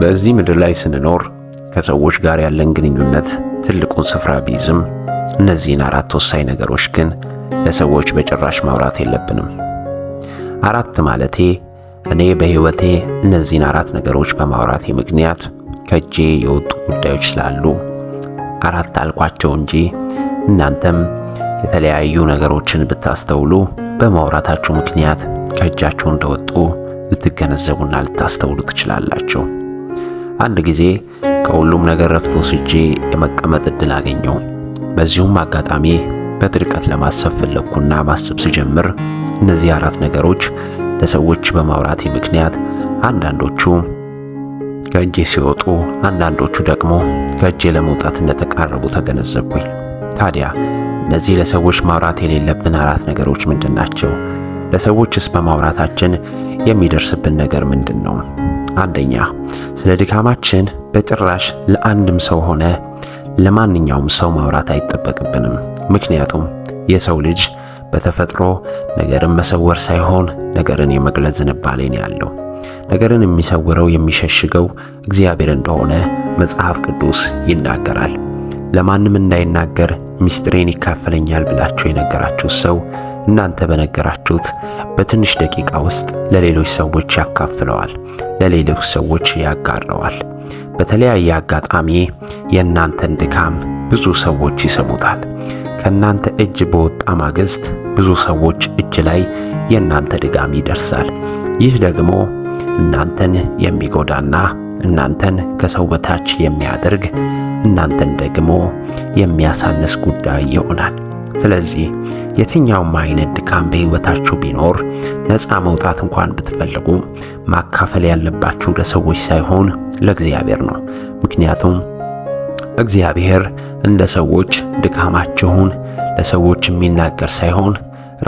በዚህ ምድር ላይ ስንኖር ከሰዎች ጋር ያለን ግንኙነት ትልቁን ስፍራ ቢይዝም እነዚህን አራት ወሳኝ ነገሮች ግን ለሰዎች በጭራሽ ማውራት የለብንም። አራት ማለቴ እኔ በሕይወቴ እነዚህን አራት ነገሮች በማውራቴ ምክንያት ከእጄ የወጡ ጉዳዮች ስላሉ አራት አልኳቸው እንጂ እናንተም የተለያዩ ነገሮችን ብታስተውሉ በማውራታችሁ ምክንያት ከእጃችሁ እንደወጡ ልትገነዘቡና ልታስተውሉ ትችላላችሁ። አንድ ጊዜ ከሁሉም ነገር ረፍት ወስጄ የመቀመጥ እድል አገኘው። በዚሁም አጋጣሚ በጥልቀት ለማሰብ ፈለግኩና ማሰብ ስጀምር እነዚህ አራት ነገሮች ለሰዎች በማውራቴ ምክንያት አንዳንዶቹ ከእጄ ሲወጡ፣ አንዳንዶቹ ደግሞ ከእጄ ለመውጣት እንደተቃረቡ ተገነዘብኩኝ። ታዲያ እነዚህ ለሰዎች ማውራት የሌለብን አራት ነገሮች ምንድን ናቸው? ለሰዎችስ በማውራታችን የሚደርስብን ነገር ምንድን ነው? አንደኛ ስለ ድካማችን በጭራሽ ለአንድም ሰው ሆነ ለማንኛውም ሰው ማውራት አይጠበቅብንም። ምክንያቱም የሰው ልጅ በተፈጥሮ ነገርን መሰወር ሳይሆን ነገርን የመግለጽ ዝንባሌ ነው ያለው። ነገርን የሚሰውረው የሚሸሽገው እግዚአብሔር እንደሆነ መጽሐፍ ቅዱስ ይናገራል። ለማንም እንዳይናገር ምስጢሬን ይካፈለኛል ብላችሁ የነገራችሁ ሰው እናንተ በነገራችሁት በትንሽ ደቂቃ ውስጥ ለሌሎች ሰዎች ያካፍለዋል፣ ለሌሎች ሰዎች ያጋረዋል። በተለያየ አጋጣሚ የእናንተን ድካም ብዙ ሰዎች ይሰሙታል። ከእናንተ እጅ በወጣ ማግስት ብዙ ሰዎች እጅ ላይ የእናንተ ድጋም ይደርሳል። ይህ ደግሞ እናንተን የሚጎዳና እናንተን ከሰው በታች የሚያደርግ እናንተን ደግሞ የሚያሳንስ ጉዳይ ይሆናል። ስለዚህ የትኛውም አይነት ድካም በሕይወታችሁ ቢኖር ነፃ መውጣት እንኳን ብትፈልጉ ማካፈል ያለባችሁ ለሰዎች ሳይሆን ለእግዚአብሔር ነው። ምክንያቱም እግዚአብሔር እንደ ሰዎች ድካማችሁን ለሰዎች የሚናገር ሳይሆን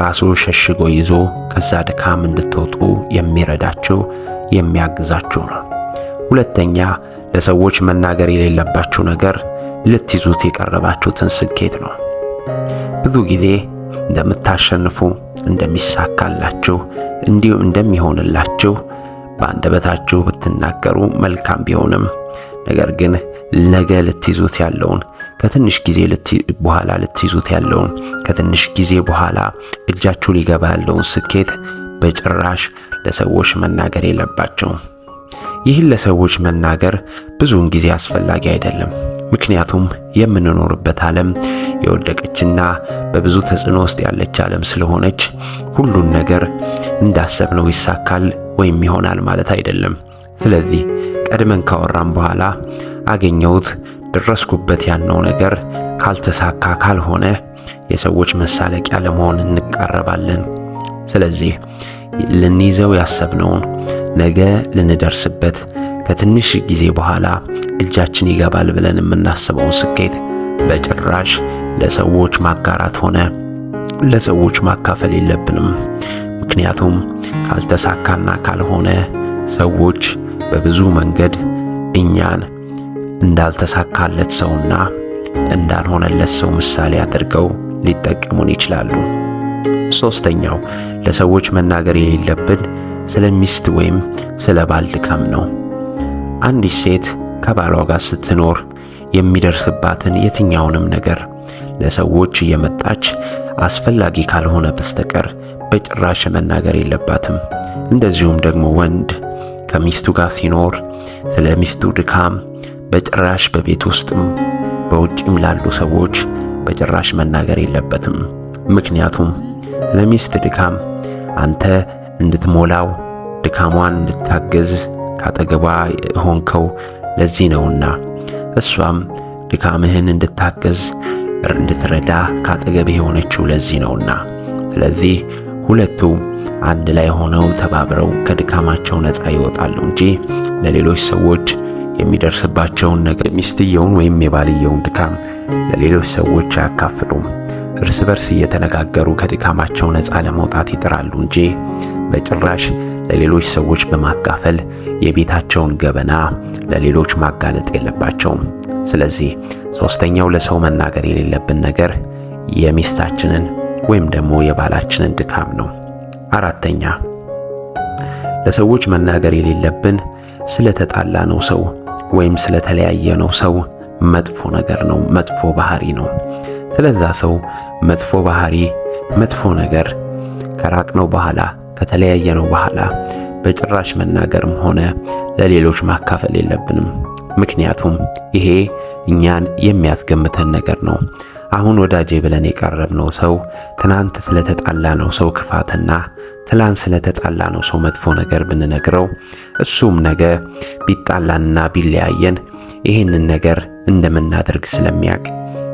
ራሱ ሸሽጎ ይዞ ከዛ ድካም እንድትወጡ የሚረዳችሁ የሚያግዛችሁ ነው። ሁለተኛ ለሰዎች መናገር የሌለባችሁ ነገር ልትይዙት የቀረባችሁትን ስኬት ነው። ብዙ ጊዜ እንደምታሸንፉ እንደሚሳካላችሁ እንዲሁ እንደሚሆንላችሁ በአንደበታችሁ ብትናገሩ መልካም ቢሆንም ነገር ግን ነገ ልትይዙት ያለውን ከትንሽ ጊዜ በኋላ ልትይዙት ያለውን ከትንሽ ጊዜ በኋላ እጃችሁ ሊገባ ያለውን ስኬት በጭራሽ ለሰዎች መናገር የለባቸውም። ይህን ለሰዎች መናገር ብዙውን ጊዜ አስፈላጊ አይደለም። ምክንያቱም የምንኖርበት ዓለም የወደቀችና በብዙ ተጽዕኖ ውስጥ ያለች ዓለም ስለሆነች ሁሉን ነገር እንዳሰብነው ይሳካል ወይም ይሆናል ማለት አይደለም። ስለዚህ ቀድመን ካወራን በኋላ አገኘሁት፣ ደረስኩበት ያነው ነገር ካልተሳካ ካልሆነ የሰዎች መሳለቂያ ለመሆን እንቃረባለን። ስለዚህ ልንይዘው ያሰብነውን ነገ ልንደርስበት ከትንሽ ጊዜ በኋላ እጃችን ይገባል ብለን የምናስበውን ስኬት በጭራሽ ለሰዎች ማጋራት ሆነ ለሰዎች ማካፈል የለብንም። ምክንያቱም ካልተሳካና ካልሆነ ሰዎች በብዙ መንገድ እኛን እንዳልተሳካለት ሰውና እንዳልሆነለት ሰው ምሳሌ አድርገው ሊጠቀሙን ይችላሉ። ሶስተኛው ለሰዎች መናገር የሌለብን ስለ ሚስት ወይም ስለ ባል ድካም ነው። አንዲት ሴት ከባሏ ጋር ስትኖር የሚደርስባትን የትኛውንም ነገር ለሰዎች እየመጣች አስፈላጊ ካልሆነ በስተቀር በጭራሽ መናገር የለባትም። እንደዚሁም ደግሞ ወንድ ከሚስቱ ጋር ሲኖር ስለ ሚስቱ ድካም በጭራሽ በቤት ውስጥም በውጭም ላሉ ሰዎች በጭራሽ መናገር የለበትም። ምክንያቱም ለሚስት ድካም አንተ እንድትሞላው ድካሟን እንድታገዝ ካጠገቧ ሆንከው ለዚህ ነውና እሷም ድካምህን እንድታገዝ እንድትረዳ ካጠገብህ የሆነችው ለዚህ ነውና። ስለዚህ ሁለቱ አንድ ላይ ሆነው ተባብረው ከድካማቸው ነፃ ይወጣሉ እንጂ ለሌሎች ሰዎች የሚደርስባቸውን ነገር የሚስትየውን ወይም የባልየውን ድካም ለሌሎች ሰዎች አያካፍሉም። እርስ በርስ እየተነጋገሩ ከድካማቸው ነፃ ለመውጣት ይጥራሉ እንጂ በጭራሽ ለሌሎች ሰዎች በማካፈል የቤታቸውን ገበና ለሌሎች ማጋለጥ የለባቸውም። ስለዚህ ሶስተኛው ለሰው መናገር የሌለብን ነገር የሚስታችንን ወይም ደግሞ የባላችንን ድካም ነው። አራተኛ ለሰዎች መናገር የሌለብን ስለተጣላ ነው ሰው ወይም ስለተለያየ ነው ሰው መጥፎ ነገር ነው፣ መጥፎ ባህሪ ነው። ስለዛ ሰው መጥፎ ባህሪ፣ መጥፎ ነገር ከራቅነው በኋላ ከተለያየነው በኋላ በጭራሽ መናገርም ሆነ ለሌሎች ማካፈል የለብንም። ምክንያቱም ይሄ እኛን የሚያስገምተን ነገር ነው። አሁን ወዳጄ ብለን የቀረብነው ሰው ትናንት ስለተጣላ ነው ሰው ክፋትና ትላንት ስለተጣላ ነው ሰው መጥፎ ነገር ብንነግረው እሱም ነገ ቢጣላንና ቢለያየን ይህንን ነገር እንደምናደርግ ስለሚያውቅ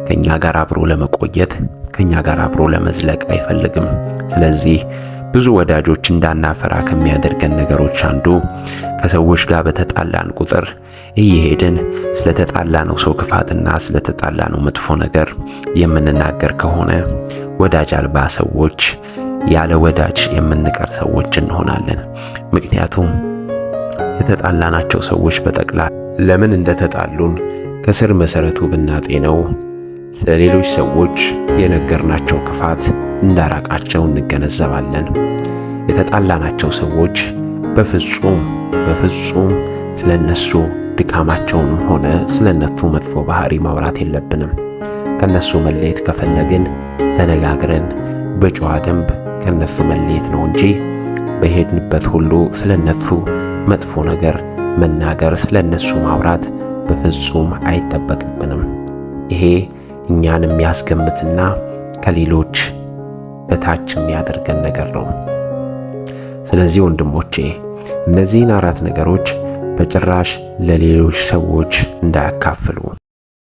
ከኛ ጋር አብሮ ለመቆየት ከኛ ጋር አብሮ ለመዝለቅ አይፈልግም። ስለዚህ ብዙ ወዳጆች እንዳናፈራ ከሚያደርገን ነገሮች አንዱ ከሰዎች ጋር በተጣላን ቁጥር እየሄድን ስለተጣላነው ሰው ክፋትና ስለተጣላነው መጥፎ ነገር የምንናገር ከሆነ ወዳጅ አልባ ሰዎች፣ ያለ ወዳጅ የምንቀር ሰዎች እንሆናለን። ምክንያቱም የተጣላናቸው ሰዎች በጠቅላ ለምን እንደተጣሉን ከስር መሰረቱ ብናጤነው ለሌሎች ሰዎች የነገርናቸው ክፋት እንዳራቃቸው እንገነዘባለን። የተጣላናቸው ሰዎች በፍጹም በፍጹም ስለ እነሱ ድካማቸውንም ሆነ ስለ እነሱ መጥፎ ባህሪ ማውራት የለብንም። ከእነሱ መለየት ከፈለግን ተነጋግረን በጨዋ ደንብ ከእነሱ መለየት ነው እንጂ በሄድንበት ሁሉ ስለ እነሱ መጥፎ ነገር መናገር፣ ስለ እነሱ ማውራት በፍጹም አይጠበቅብንም። ይሄ እኛን የሚያስገምትና ከሌሎች በታች የሚያደርገን ነገር ነው። ስለዚህ ወንድሞቼ እነዚህን አራት ነገሮች በጭራሽ ለሌሎች ሰዎች እንዳያካፍሉ።